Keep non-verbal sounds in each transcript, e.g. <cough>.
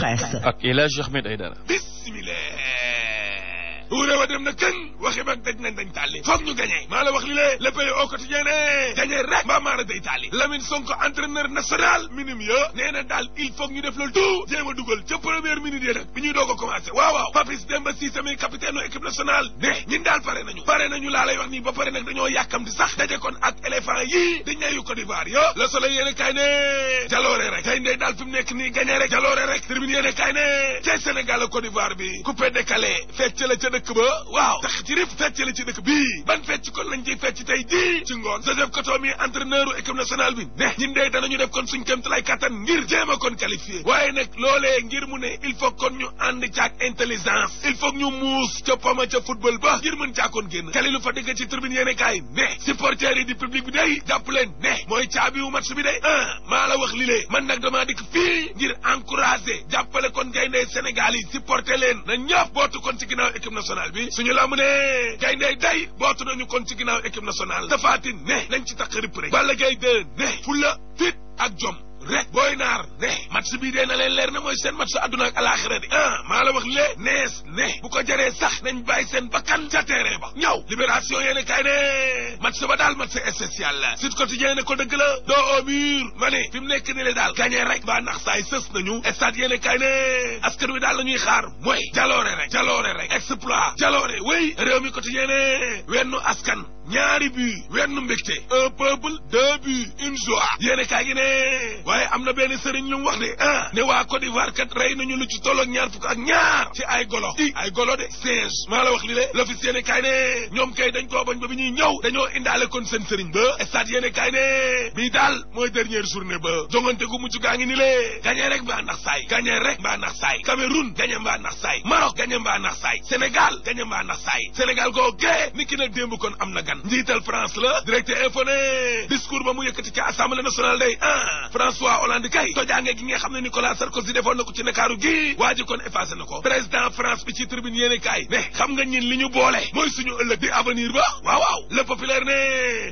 presse. ak El Hadj Ahmed Aïdara. wuure wa dem na kën waxi mag daj nañ dañ tàlli foog ñu gañee maa la wax li lée le pays au gañee rek mbaa maara day tàlli Lamine Sonko entraîneur national minimum ya nee daal il faut ñu def loolu tout jéem a dugal ca première minute ya nag bi ñuy doog a commencé waaw waaw Papis Demba Cissé mi capitaine équipe nationale ne ñun daal pare nañu pare nañu laa lay wax nii ba pare nag dañoo yàkkamti sax daje kon ak éléphant yii di ñayu Côte d'Ivoire la dëkk ba waaw tax ci rif fecc la ci dëkk bii ban fecc kon lañ ciy fecc tey jii ci ngoon Joseph Koto mi entraîneur équipe nationale bi ne ñun de danañu def kon suñ kéem lay katan ngir jéem a kon qualifié waaye nag loolee ngir mu ne il faut kon ñu ànd caag intelligence il faut ñu muus ca poma ca football ba ngir mën caakoon génn kalilu fa dëgg ci tribune yéene kaay ne supporters yi di public bi day jàpp leen ne mooy caabi wu match bi day ah maa la wax li lee man nag damaa dikk fii ngir encourager jàppale kon gayndee Sénégal yi supporter leen na ñëpp bootu kon ci ginnaaw équipe nationale bi suñu làmb ne gayndey day bootu nañu kon ci ginnaaw équipe nationale Tapha Tine ne lañ ci taq rëpp rek Balla Gaye 2 ne fulla fit ak jom rek booy naar ne match bii dee na leen leer na mooy seen match àdduna ak alaxira di ah maa la wax lée nees ne bu ko jaree sax nañ bàyyi seen bakkan ca terrain ba ñaw libération yéene kay ne match ba daal match yàlla la Sud Quotidien ne ko dëgg la doo au mur ma ne fi mu nekk ni le daal gagné rek baa nax saay sës nañu stade yéene kay ne askan wi daal la ñuy xaar mooy jaloore rek jaloore rek exploit jaloore wéy réew mi quotidien ne wennu askan ñaari but wenn mbégte un peuple deux buts une joie yéene kaa gi ne waaye am na benn sëriñ lu mu wax de ah ne waa Côte d'Ivoire kat rey nañu lu ci tolloog ñaar fukk ak ñaar ci ay golo i ay golo de singe maa la wax li le l'office yéene kaay ne ñoom kay dañ koo bañ ba bi ñuy ñëw dañoo indaale kon seen sëriñ ba stade yene kaay ne bii daal mooy dernière journée ba jongante gu mujj gaa ngi ni le gañee rek mbaa ndax saay gañee rek mbaa ndax saay Cameroun gañe mbaa ndax saay Maroc gañe mbaa ndax saay Sénégal gañe goo gee ni ki kon am na gan Hollande njiital France la directe info ne discours ba mu yëkkati ci assemblée nationale day ah François Hollande kay tojaange gi nga xam ne Nicolas Sarkozy defoon na ko ci Ndakaaru gi waa ji kon effacé na ko président France bi ci tribune yéene ne xam nga ñin li ñu boole mooy suñu ëllëg di avenir ba waaw waaw le populaire ne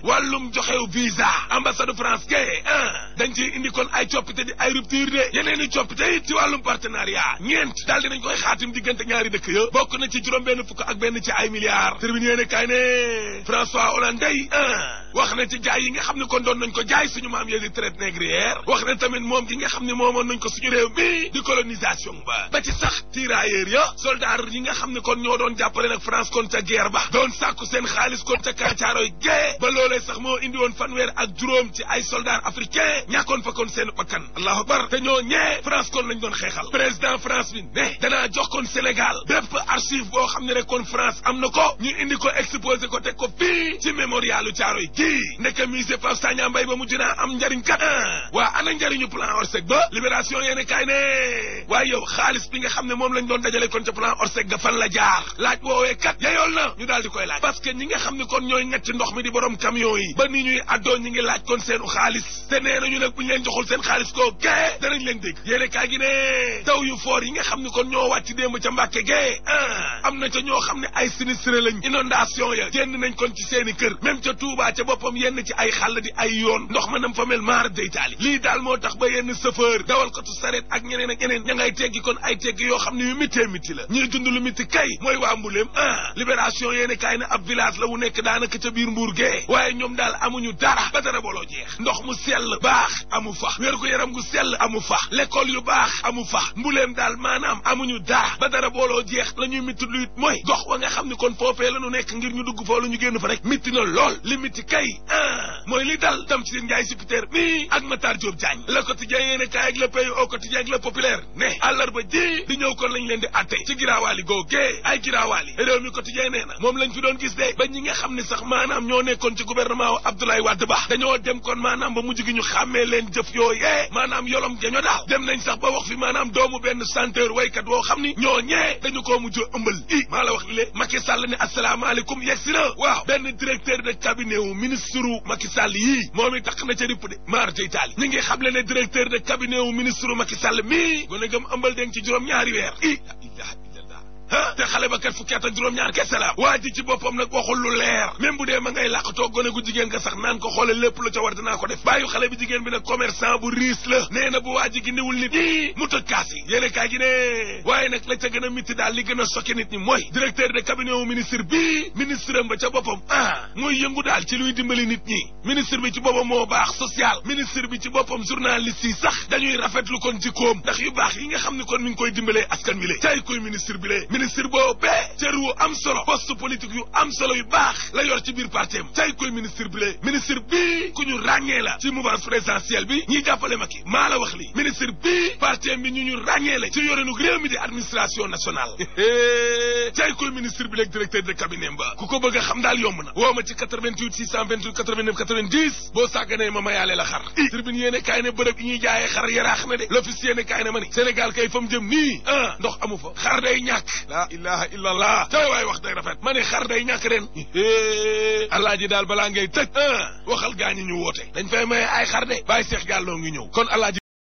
wàllum joxew visa ambassade France kay ah dañ ciy indi kon ay coppite di ay rupture de yeneen i coppite it ci wàllum partenariat ñeent daal dinañ koy xaatim ñaari dëkk ya bokk na ci juróom benn fukk ak benn ay milliards tribune waa olan day wax na ci jaay yi nga xam ne kon doon nañ ko jaay suñu maam yee di traite négrière wax na tamit moom gi nga xam ne moomoon nañ ko suñu réew mi di colonisation ba ba ci sax tirailleurs ya soldat yi nga xam ne kon ñoo doon jàppale nag France kon ca guerre ba doon sàkku seen xaalis kon ca kancaaroy gée ba loolee sax moo indi woon fanweer ak juróom ci ay soldaar africains ñàkkoon fa kon seen bakkan allahu akbar te ñoo ñee France kon lañ doon xeexal président France bi ne danaa Sénégal bépp archive boo xam ne rek kon France am na ko ñu indi ko exposé ko ko fii ci mémorialu caaroy gi ndeke musée Pape Sagna Mbaye ba mujj naa am njariñ kat ah. waa ana njariñu plan Orsec ba libération yéene ne waaye yow xaalis bi nga xam ne moom lañ doon dajale kon ca plan Orsec ga la jaar laaj woowee kat yayool na ñu daal di koy laaj parce ñi nga xam ne kon ñooy ngacc ndox mi di borom camion yi ba ni ñuy addoo ñi ngi laaj kon seenu xaalis te nee nañu nag bu ñu leen joxul seen xaalis koo gee danañ leen dégg yéene gi ne taw yu foor yi nga xam ne kon ñoo wàcc démb ca Mbàkke gee ah, am na ca ñoo xam ne ay boppam yenn ci ay xàll di ay yoon ndox ma nam fa mel maar day lii daal moo tax ba yenn chauffeur dawalkatu sareet ak ñeneen ak ñeneen ña teggi kon ay teggi yoo xam ne yu mittee mitti la ñuy dund lu mitti kay mooy waa mbuleem ah libération kaay na ab village la wu nekk daanaka ca biir mbuur gee waaye ñoom daal amuñu dara ba dara booloo jeex ndox mu sell baax amu fa wér gu yaram gu sell amu fa lekkool yu baax amu fa mbuleem daal maanaam amuñu dara ba dara booloo jeex la ñuy mitti luy mooy gox wa nga xam ne kon foofee la nekk ngir ñu dugg foo ñu génn fa rek mitti na kay mooy li dal dam ci seen njaay supiteer mi ak Matar Diop Diagne le quotidien yéen kaay ak le pays au quotidien ak le populaire ne àllarba ji di ñëw kon lañ leen di atte ci giraawaali googee ay giraawaali réew mi quotidien nee na moom lañ fi doon gis de ba ñi nga xam ne sax maanaam ñoo nekkoon ci gouvernement wu Abdoulaye Wade ba dañoo dem kon maanaam ba mujj gi ñu xàmmee leen jëf yooyee maanaam yolom jaño daal dem nañ sax ba wax fi maanaam doomu benn chanteur waykat woo xam ni ñoo ñee dañu koo mujj ëmbal i maa la wax li lée Macky Sall ne asalaamaaleykum yegg si na waaw benn directeur de cabinet wu ministre Macky Sall yii moom it tax na ca ripp de maar day taali ñu ngi xamle ne directeur de cabinet wu ministre Macky Sall mii gone gëm ëmbal deng ci juróom ñaari weer i ah te xale ba kat fukki at ak juróom-ñaar kese la waa ji ci boppam nag waxul lu leer même bu dee ma ngay làqatoo gone gu jigéen ga sax naan ko xoole lépp lu ca war dinaa ko def bàyyu xale bi jigéen bi nag commerçant bu riis la nee na bu waa ji gi ndiwul nit ñi mu tëj kaas yi gi ne waaye nag la ca gën a miti daal li gën a sokke nit ñi mooy directeur de cabinet wu ministre bi ministre am ba ca boppam ah mooy yëngu daal ci luy dimbali nit ñi ministre bi ci boppam moo baax social ministre bi ci boppam journaliste yi sax dañuy rafetlu kon jikkoom ndax yu baax yi nga xam ne kon mi ngi koy dimbalee askan wi le caay koy bi le ministre boobee cër wu am solo poste politique yu am solo yu baax la yor ci biir parti am tey koy ministre bi lee ministre bii ku ñu ràññee la ci mouvance présidentielle bi ñiy jàppale Macky maa la wax li ministre bii parti bi ñu ñu ràññee la ci yorenu réew mi di administration nationale <laughs> tey koy ministre bi leeg directeur de cabinet ba ku ko bëgg xam daal yomb na woo ma ci boo sàgganee ma mayaalee la xar i tribune yéene ne bërëb yi ñuy jaayee xar yaraax laa ilaha illa allah tay waay wax day rafet ma ne xar day ñàkk ren <laughs> alaaji daal balaa ngay tëj ah. waxal gaañi ñu woote dañ fay maye ay xar de bàyyi seex gàlloo ngi ñëw kon alaaji